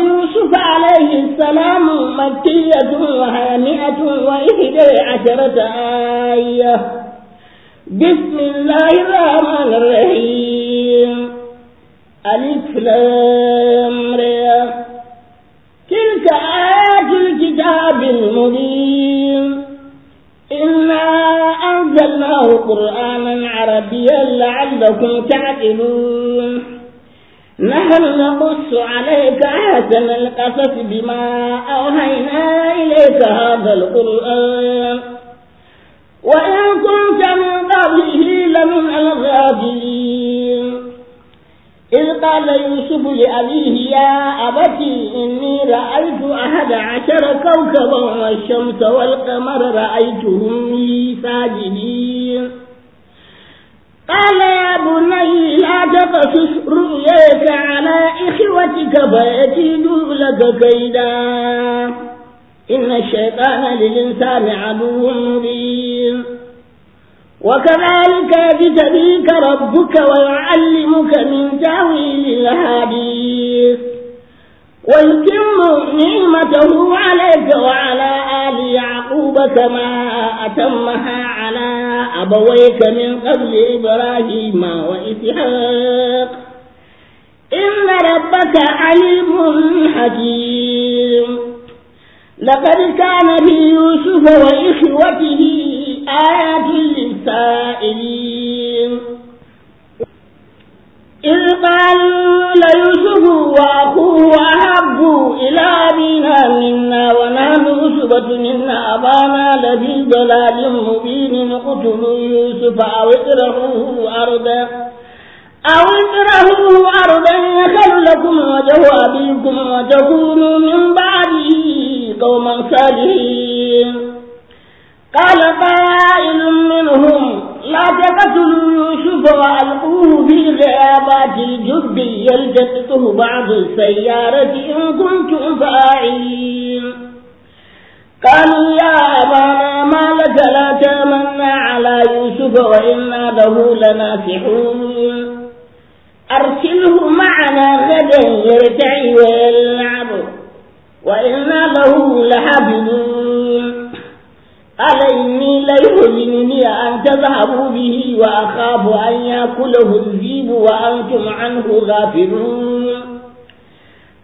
يوسف عليه السلام مكية وهامئة وإحدى عشرة آية بسم الله الرحمن الرحيم ألف لام تلك آيات الكتاب المبين إنا أنزلناه قرآنا عربيا لعلكم تعقلون نحن نقص عليك أحسن القصص بما أوهينا إليك هذا القرآن وإن كنت من قبله لمن الغافلين إذ قال يوسف لأبيه يا أبتي إني رأيت أحد عشر كوكبا والشمس والقمر رأيتهم لي ساجدين قال يا بني لا تقصص رؤياك على إخوتك فيكيدوا لك كيدا إن الشيطان للإنسان عدو مبين وكذلك يجتبيك ربك ويعلمك من تأويل الحديث ويتم نعمته عليك وعلى آل يعقوب العقوبة كما أتمها على أبويك من قبل إبراهيم وإسحاق إن ربك عليم حكيم لقد كان في يوسف وإخوته آيات للسائلين إذ قالوا ليوسف وأخوه أحب إلى أبينا منا ونحن عصبة منا أبانا لفي ضلال مبين اقتلوا يوسف أو اطرحوه أرضا أو اطرحوه أرضا يخل لكم وجه أبيكم وتكونوا من بعده قوما صالحين قال قائل منهم لا تقتلوا يوسف وألقوه في الغيابات الجب يلتقطه بعض السيارة إن كنتم فاعلين قالوا يا أبانا ما لك لا تامنا على يوسف وإنا له لناصحون أرسله معنا غدا يرتعي ويلعب وإنا له لحافظون قال إني ليحزنني أن تذهبوا به وأخاف أن يأكله الذيب وأنتم عنه غافلون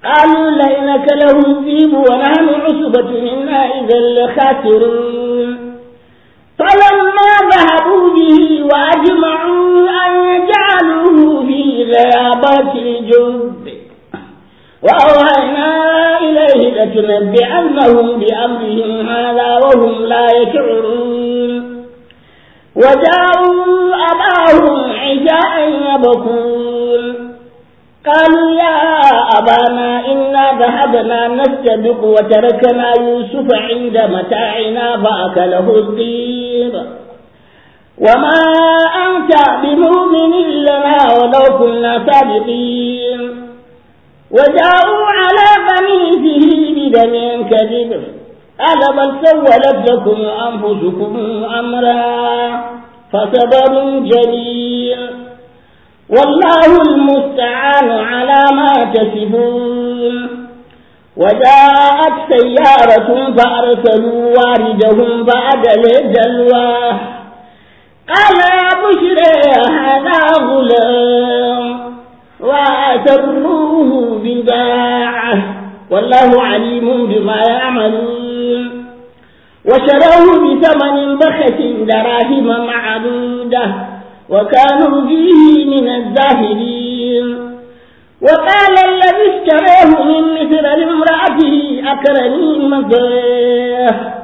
قالوا لئن أكله الذيب ونحن عصبة إنا إذا لخاسرون فلما ذهبوا به وأجمعوا أن يجعلوه في غيابات الجند وأوحينا إليه لتنبئنهم بأمرهم هذا وهم لا يشعرون وجاءوا أباهم عجاء يبكون قالوا يا أبانا إنا ذهبنا نستبق وتركنا يوسف عند متاعنا فأكله الذئب وما أنت بمؤمن لنا ولو كنا صادقين وجاءوا على قميصه بدم كذب ألا بل سولت لكم أنفسكم أمرا فصبر جميل والله المستعان على ما تسبون وجاءت سيارة فأرسلوا واردهم فأدل دلواه قال يا بشرى هذا غلام وأسروه بضاعة والله عليم بما يعملون وشروه بثمن بخس دراهم معدودة وكانوا فيه من الزاهدين وقال الذي اشتراه من مثل لامرأته أكرمي مزيه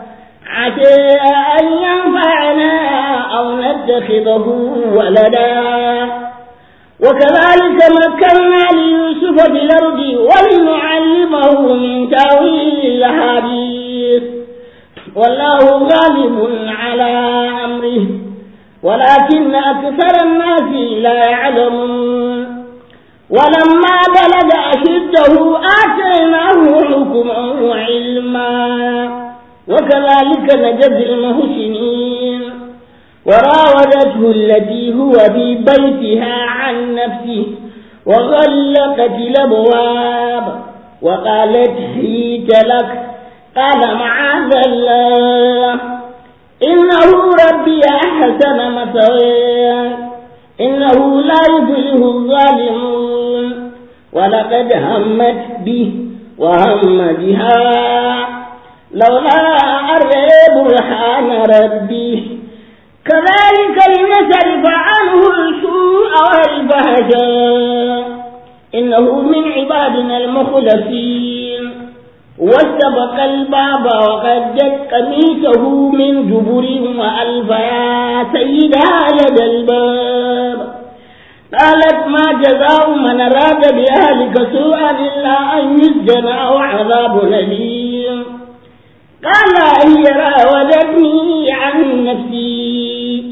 عسى أن ينفعنا أو نتخذه ولدا وكذلك مكنا ليوسف في الأرض ولنعلمه من تأويل الأحاديث والله غالب على أمره ولكن أكثر الناس لا يعلمون ولما بلد أشده آتيناه حكما وعلما وكذلك نجزي المحسنين وراودته التي هو في بيتها عن نفسه وغلقت الأبواب وقالت هيت لك قال معاذ الله إنه ربي أحسن مثوي إنه لا يفلح الظالمون ولقد همت به وهم بها لولا أرى برهان ربي كذلك لنسرف عنه السوء والفهجاء إنه من عبادنا المخلصين واستبق الباب وقدت قميصه من جبر وألف يا سيدها لدى الباب قالت ما جزاء من أراد بأهلك سوءا إلا أن يسجن أو عذاب أليم قال إن راودتني عن نفسي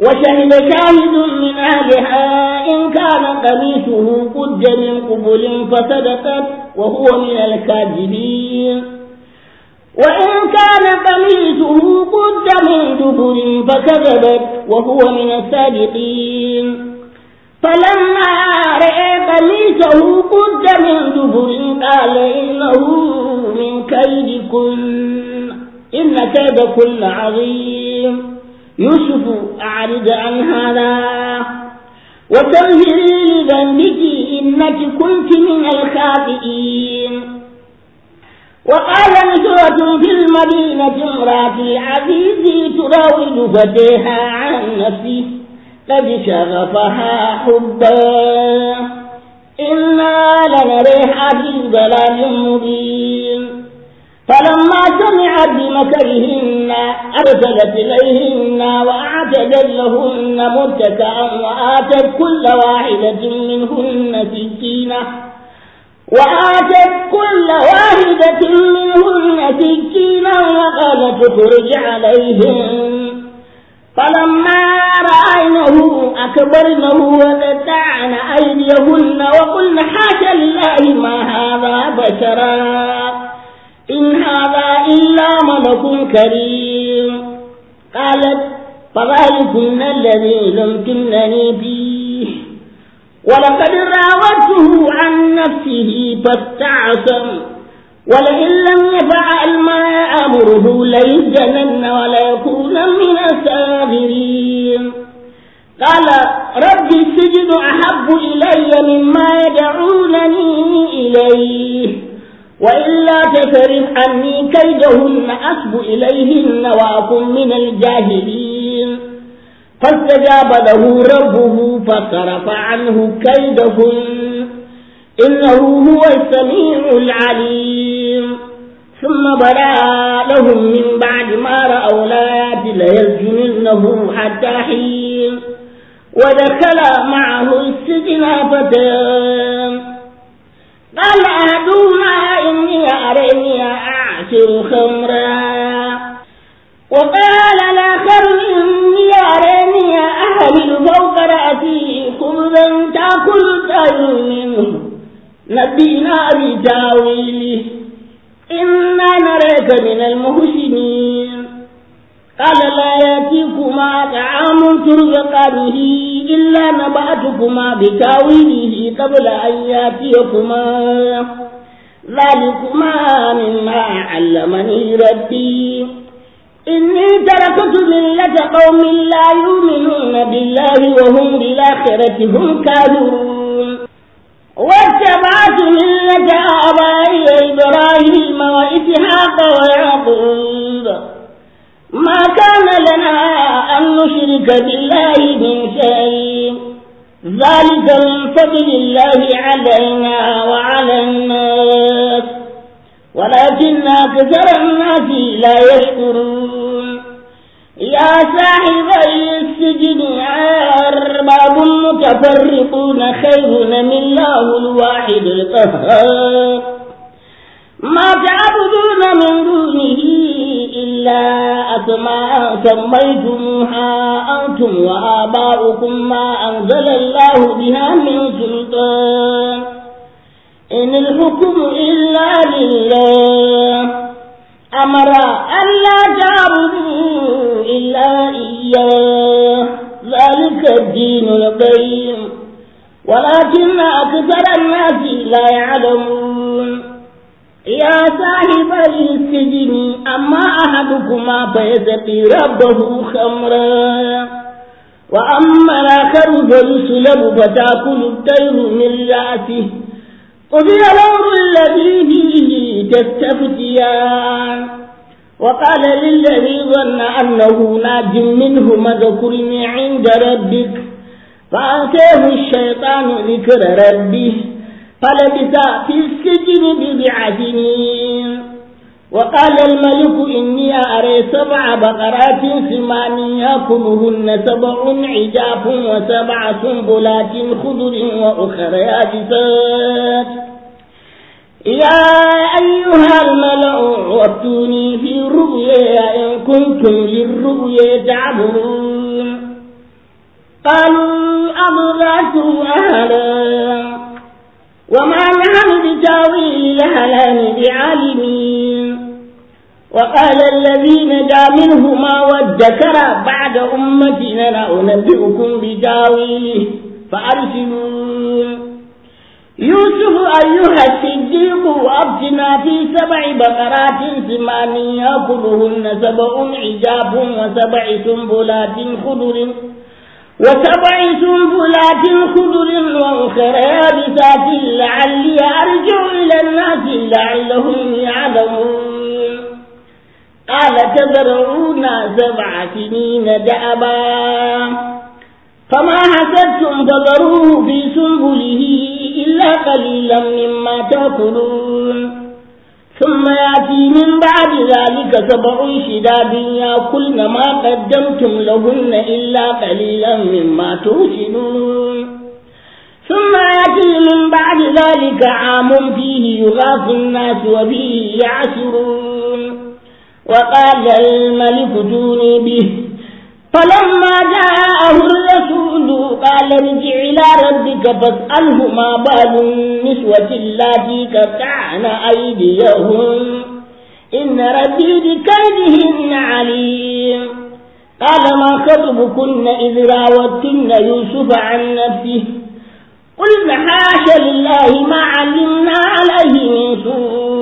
وشهد شاهد من أهلها إن كان قميصه قد من قبل فصدقت وهو من الكاذبين وإن كان قميصه قد من دبر فكذبت وهو من الصادقين فلما رأى قميصه قد من دبر قال إنه من كيدكن إن كيدكن عظيم يوسف أعرض عن هذا وتغفري لذنبك إنك كنت من الخاطئين وقال نسوة في المدينة امرأة العزيز تراود فتيها عن نفسه قد شغفها حبا إنا لنري في بلاد مبين فلما سمعت بمكرهن أرسلت إليهن وأعتدت لهن متكئا وآتت كل واحدة منهن سكينة وآتت كل واحدة منهن سكينا وقالت اخرج عليهم فلما رأى أكبرنه وقطعن أيديهن وقلن حاشا لله ما هذا بشرا إن هذا إلا ملك كريم قالت فذلكن الذي لمتنني فيه ولقد راودته عن نفسه فاستعصم ولئن لم يفعل ما أمره ليجنن وليكون من الساغرين قال رب السجن أحب إلي مما يدعونني إليه وإلا تصرف عني كيدهن أسب إليهن وأكن من الجاهلين فاستجاب له ربه فصرف عنه كيدهن إنه هو السميع العليم ثم بدا لهم من بعد ما رأوا الآيات ليسجننه حتى حين ودخل معه السجن فتيان قال أهدوما إني أريني أعشر خمرا وقال الآخر إني أريني أهل فوق رأسي خبزا تأكل طير منه نبينا بتاويله إنا نريك من المحسنين قال لا يأتيكما طعام ترزقانه إلا نبأتكما بتاويله قبل أن يأتيكما ذلكما مما علمني ربي إني تركت ملة قوم لا يؤمنون بالله وهم بالآخرة هم كافرون واتبعت ملة آبائي إبراهيم وإسحاق ويعقوب ما كان لنا أن نشرك بالله من شيء ذلك من فضل الله علينا وعلى الناس ولكن أكثر الناس لا يشكرون يا صاحبي السجن أرباب متفرقون خير من الله الواحد القهار ما تعبدون من دونه إلا أسماء سميتمها أنتم وآباؤكم ما أنزل الله بها من سلطان إن الحكم إلا لله أمر أن لا إلا إياه ذلك الدين القيم ولكن أكثر الناس لا يعلمون يا صاحب السجن أما أحدكما فيسقي ربه خمرا وأما الآخر فيسلب فتأكل الطير من رأسه قضي الأمر الذي فيه تستفتيان وقال للذي ظن أنه ناج منه مذكرني عند ربك فأتاه الشيطان ذكر ربه فلبث في السجن بضع سنين وقال الملك إني أرى سبع بقرات سمان يأكلهن سبع عجاف وسبع سنبلات خضر وأخرى يابسات يا أيها الملأ أفتوني في الرؤيا إن كنتم للرؤيا تعبرون قالوا أضغاث أهلاً وما نحن بتاويل لهلان بعالمين وقال الذي نجا منهما وادكر بعد أمتنا أنبئكم بتاويله فأرسلون يوسف أيها الصديق وأبتنا في سبع بقرات ثمان يأكلهن سبع عجاب وسبع سنبلات خضر وسبع سنبلات خضر وأخرى يابسات لعلي أرجع إلى الناس لعلهم يعلمون قال تزرعون سبع سنين دأبا فما حسدتم فذروه في سنبله إلا قليلا مما تأكلون ثم يأتي من بعد ذلك سبع شداد يأكلن ما قدمتم لهن إلا قليلا مما ترشدون ثم يأتي من بعد ذلك عام فيه يغاث الناس وفيه يعسرون وقال الملك دوني به فلما جاءه الرسول قال ارجع إلى ربك فاسأله ما بال النسوة التي قطعن أيديهم إن ربي بكيدهن عليم قال ما خطبكن إذ راوتن يوسف عن نفسه قلنا حاش لله ما علمنا عليه من سوء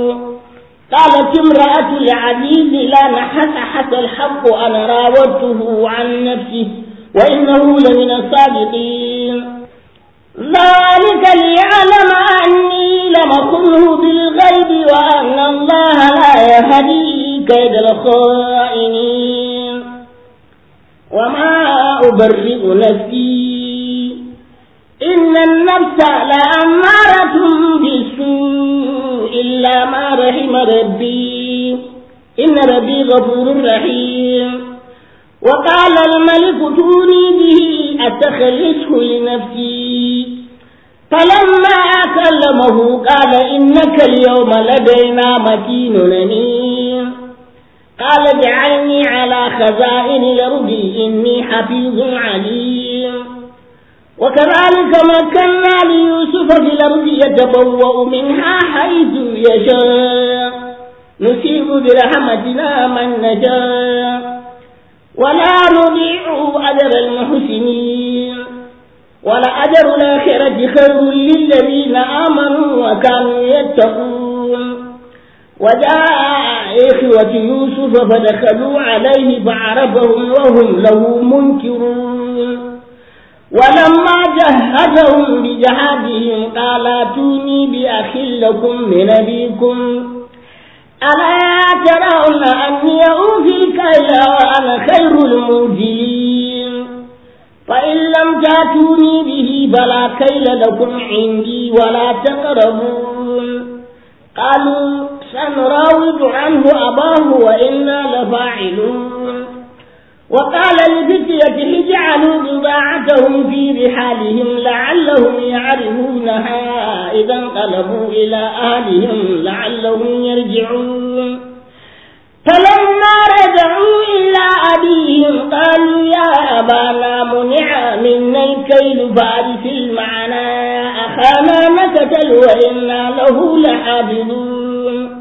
قالت امرأة العزيز لا محس حس الحق أنا راودته عن نفسه وإنه لمن الصادقين ذلك ليعلم أني لم أقله بالغيب وأن الله لا يهدي كيد الخائنين وما أبرئ نفسي إن النفس لأمارة بالسوء إلا ما رحم ربي إن ربي غفور رحيم وقال الملك توني به أتخلصه لنفسي فلما أكلمه قال إنك اليوم لدينا متين أمين قال اجعلني على خزائن الأرض إني حفيظ عليم وكذلك مكنا ليوسف في الأرض يتبوأ منها حيث يشاء نصيب برحمتنا من نشاء ولا نضيع أجر المحسنين ولأجر الآخرة خير للذين آمنوا وكانوا يتقون وجاء إخوة يوسف فدخلوا عليه فعرفهم وهم له منكرون ولما جهزهم بجهادهم قال اتوني بأخ لكم من أبيكم ألا ترون أني أوفي الكيل وأنا خير الموجين فإن لم تأتوني به فلا كيل لكم عندي ولا تقربون قالوا سنراود عنه أباه وإنا لفاعلون وقال لفتيته اجعلوا بضاعتهم في رحالهم لعلهم يعرفونها إذا انقلبوا إلى أهلهم لعلهم يرجعون فلما رجعوا إلى أبيهم قالوا يا أبانا منع منا الكيل فأرسل المعنى أخانا نكتل وإنا له لحافظون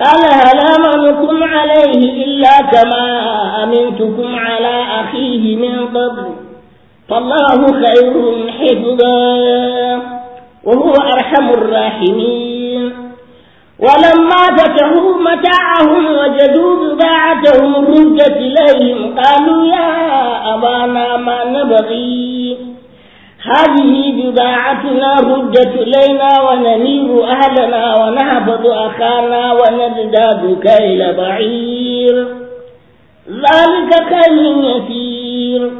قال هل أمنكم عليه إلا كما أمنتكم على أخيه من قبل فالله خير حفظا وهو أرحم الراحمين ولما فتحوا متاعهم وجدوا بضاعتهم ردت إليهم قالوا يا أبانا ما نبغي هذه بضاعتنا ردت إلينا ونمير أهلنا ونهبط أخانا ونزداد كيل بعير ذلك كيل يسير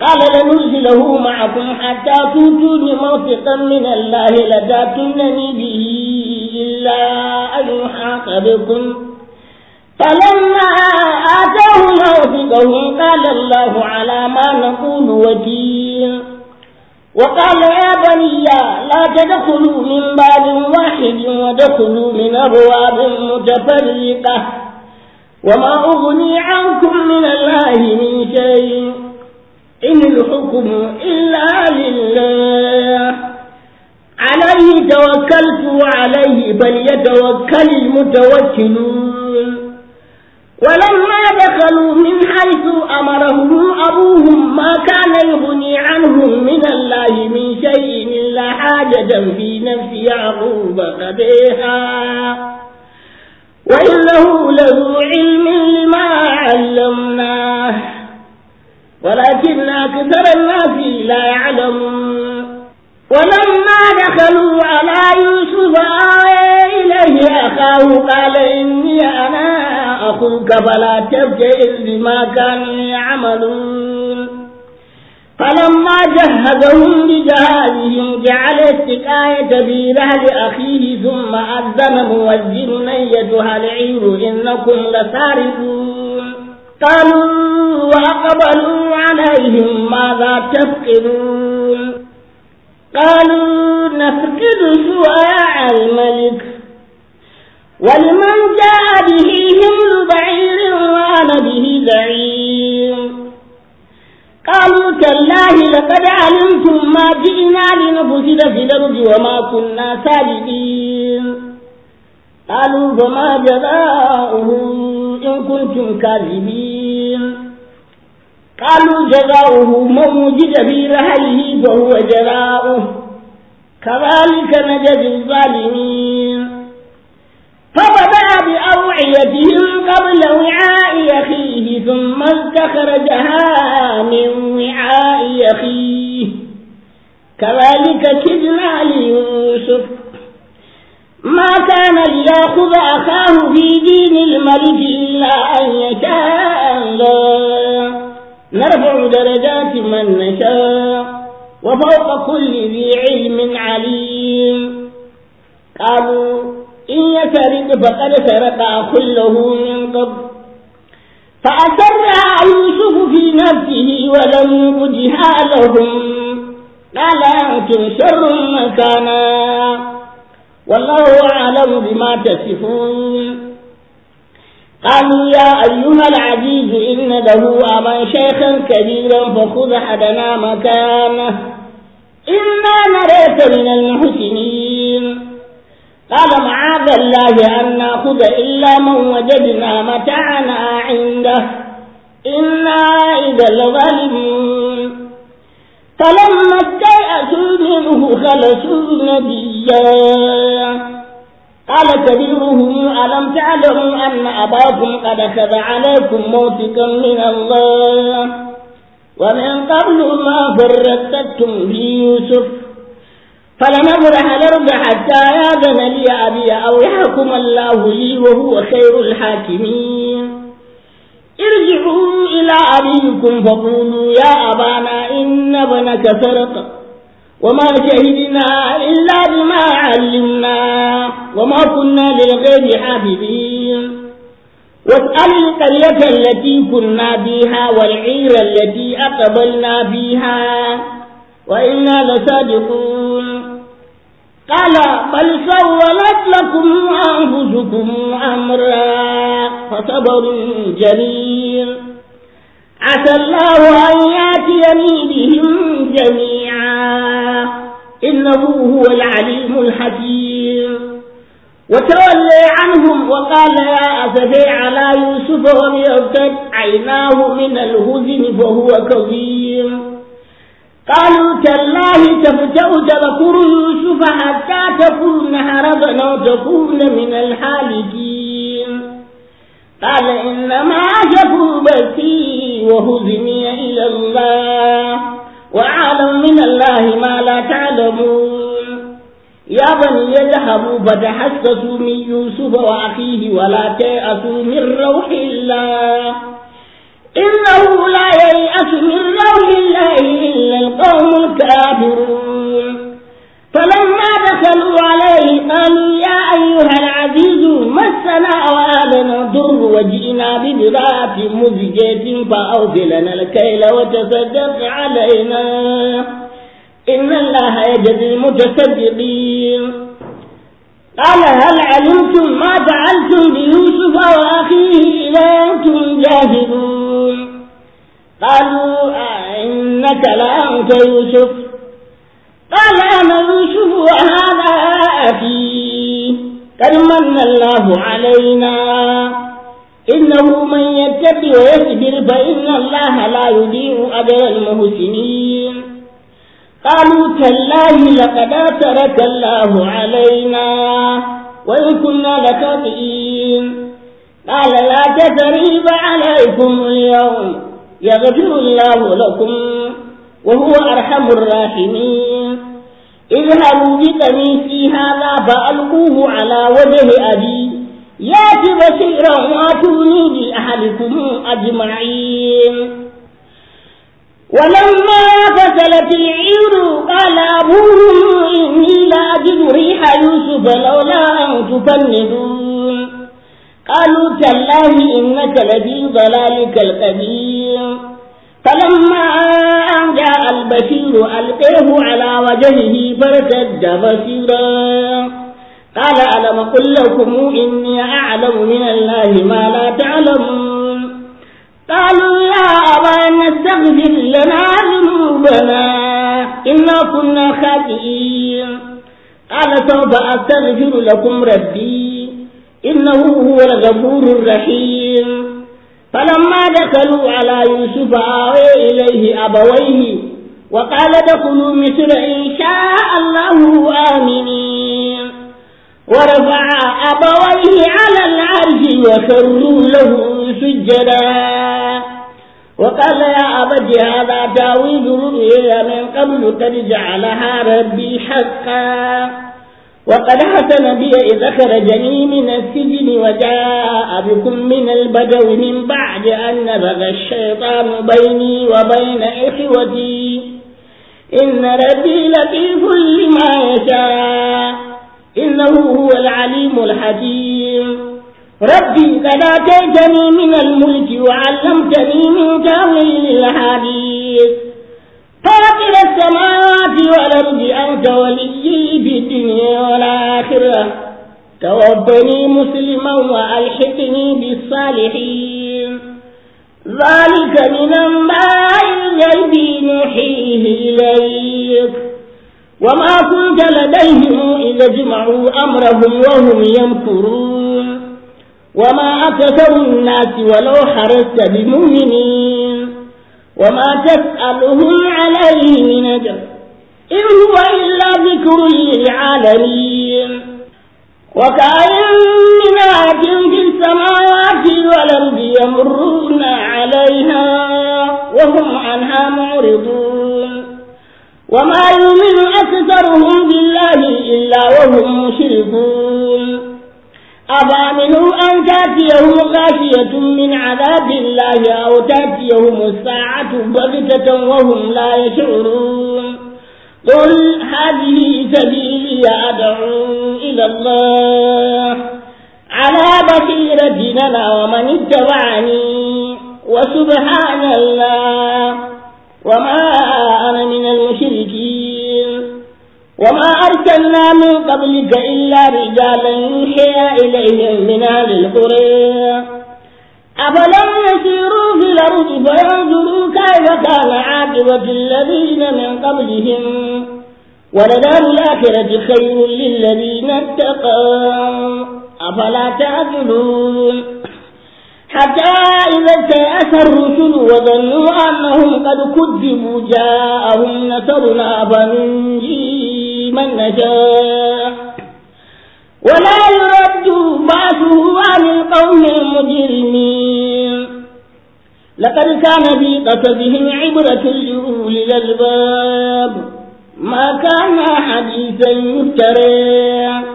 قال لنرسله معكم حتى توتوني موثقا من الله لتاتونني به إلا أن يحاط بكم فلما آتاه موثقهم قال الله على ما نقول وكيل وقال يا بني لا تدخلوا من باب واحد ودخلوا من أبواب متفرقة وما أغني عنكم من الله من شيء إن الحكم إلا لله عليه توكلت وعليه بل يتوكل المتوكلون ولما دخلوا من حيث أمرهم أبوهم ما كان يغني عنهم من الله من شيء إلا حاجة في نفس يعقوب قضيها وإنه لذو علم لما علمناه ولكن أكثر الناس لا يعلمون ولما دخلوا على يوسف إليه أخاه قال إني أنا أخوك فلا تبتئس بما كانوا يعملون فلما جهزهم بجهازهم جعل السقاية في رهل أخيه ثم أذن موزن أيتها العير إنكم لسارقون قالوا وأقبلوا عليهم ماذا تفقدون قالوا نفقد سواع الملك ولمن جاء به حمل بعير وأنا به زعيم قالوا تالله لقد علمتم ما جئنا لنفسد في الأرض وما كنا سابقين قالوا فما جزاؤه إن كنتم كاذبين قالوا جزاؤه من وجد في رحله فهو جزاؤه كذلك نجزي الظالمين فبدأ بأوعيتهم قبل وعاء أخيه ثم استخرجها من وعاء أخيه كذلك كدنا ليوسف ما كان ليأخذ أخاه في دين الملك إلا أن يشاء الله نرفع درجات من نشاء وفوق كل ذي علم عليم قالوا إن يسرق فقد سرق كله من قبل فأسرها يوسف في نفسه ولم يبدها لهم قال أنتم شر مكانا والله أعلم بما تصفون قالوا يا أيها العزيز إن له أبا شيخا كبيرا فخذ أحدنا مكانه إنا نريك من المحسنين قال معاذ الله أن نأخذ إلا من وجدنا متاعنا عنده إنا إذا لظالمون فلما استيأسوا منه خلصوا نبيا قال كبيرهم ألم تعلموا أن أباكم قد أخذ عليكم موثقا من الله ومن قبل ما فرستم في يوسف فلنبرح الأرض حتى يأذن لي أبي أو يحكم الله لي وهو خير الحاكمين ارجعوا إلى أبيكم فقولوا يا أبانا إن ابنك سرق وما شهدنا إلا بما علمنا وما كنا للغير حافظين واسأل القرية التي كنا فيها والعير التي أقبلنا فيها وإنا لصادقون قال بل سولت لكم أنفسكم أمرا فصبر جميل عسى الله أن يأتيني بهم جميعا إنه هو العليم الحكيم وتولى عنهم وقال يا أسفي على يوسف وليرتد عيناه من الهزن فهو كظيم قالوا تالله تفتأ تذكر يوسف حتى تكون هربا وتكون من الحالكين قال إنما أشكو بثي وهزني إلى الله وأعلم من الله ما لا تعلمون يا بني اذهبوا فتحسسوا من يوسف وأخيه ولا تيأسوا من روح الله إنه لا ييأس من روح الله إلا القوم الكافرون فلما دخلوا عليه قالوا يا أيها العزيز مسنا وآلنا الضر وجئنا ببضاعة مزجة فأوف لنا الكيل وتصدق علينا إن الله يجزي المتصدقين قال هل علمتم ما فعلتم بيوسف وأخيه إذا أنتم جاهلون قالوا آه، إنك لأنت يوسف قال أنا يوسف وهذا أبي قد من الله علينا إنه من يتق ويصبر فإن الله لا يضيع أجر المحسنين قالوا تالله لقد أثرك الله علينا وإن كنا لخاطئين قال لا تثريب عليكم اليوم يغفر الله لكم وهو أرحم الراحمين اذهبوا بقميصي هذا فألقوه على وجه أبي يأت بشيرا وأتوني بأحدكم أجمعين ولما فصلت العير قال أبوهم إني لأجد ريح يوسف لولا أن تفندون قالوا تالله إنك لفي ضلالك القديم فلما أن جاء البشير ألقيه على وجهه فارتد بصيرا قال ألم أقل لكم إني أعلم من الله ما لا تعلمون قالوا يا أبانا استغفر لنا ذنوبنا إنا كنا خاطئين قال سوف أستغفر لكم ربي إنه هو الغفور الرحيم فلما دخلوا على يوسف آوي إليه أبويه وقال دخلوا مصر إن شاء الله آمنين ورفع أبويه على العرش وخروا له سجدا وقال يا أبت هذا تاويل رؤيا من قبل قد جعلها ربي حقا وقد حسن بي إذا خرجني من السجن وجاء بكم من البدو من بعد أن نبغ الشيطان بيني وبين إخوتي إن ربي لطيف لما يشاء إنه هو العليم الحكيم ربي قد آتيتني من الملك وعلمتني من تأويل الحديث فاطر السماوات والأرض أنت وليي في الدنيا والآخرة توفني مسلما وألحقني بالصالحين ذلك من أنباء الغيب نوحيه إليك وما كنت لديهم إذا جمعوا أمرهم وهم يمكرون وما أكثر الناس ولو حرصت بمؤمنين وما تسألهم عليه من أجر إن هو إلا ذكر للعالمين وكأين من آت آية في السماوات والأرض يمرون عليها وهم عنها معرضون وما يؤمن أكثرهم بالله إلا وهم مشركون أفأمنوا أن تأتيهم غاشية من عذاب الله أو تأتيهم الساعة بغتة وهم لا يشعرون قل هذه سبيلي أدعو إلى الله على بصيرة أنا ومن اتبعني وسبحان الله وما أنا من المشركين وما أرسلنا من قبلك إلا رجالا يوحي إليهم من أهل القرى أفلم يسيروا في الأرض فينظروا كيف كان عاقبة الذين من قبلهم ولدار الآخرة خير للذين اتقوا أفلا تعقلون حتى إذا استيأس الرسل وظنوا أنهم قد كذبوا جاءهم نصرنا فننجي من نشاء ولا يرد بعثه عن القوم المجرمين لقد كان في قصدهم عبرة لأولي الألباب ما كان حديثا يفترى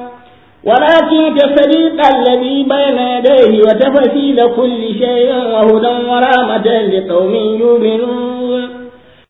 ولكن كصديق الذي بين يديه وتفصيل كل شيء وهدى ورحمة لقوم يؤمنون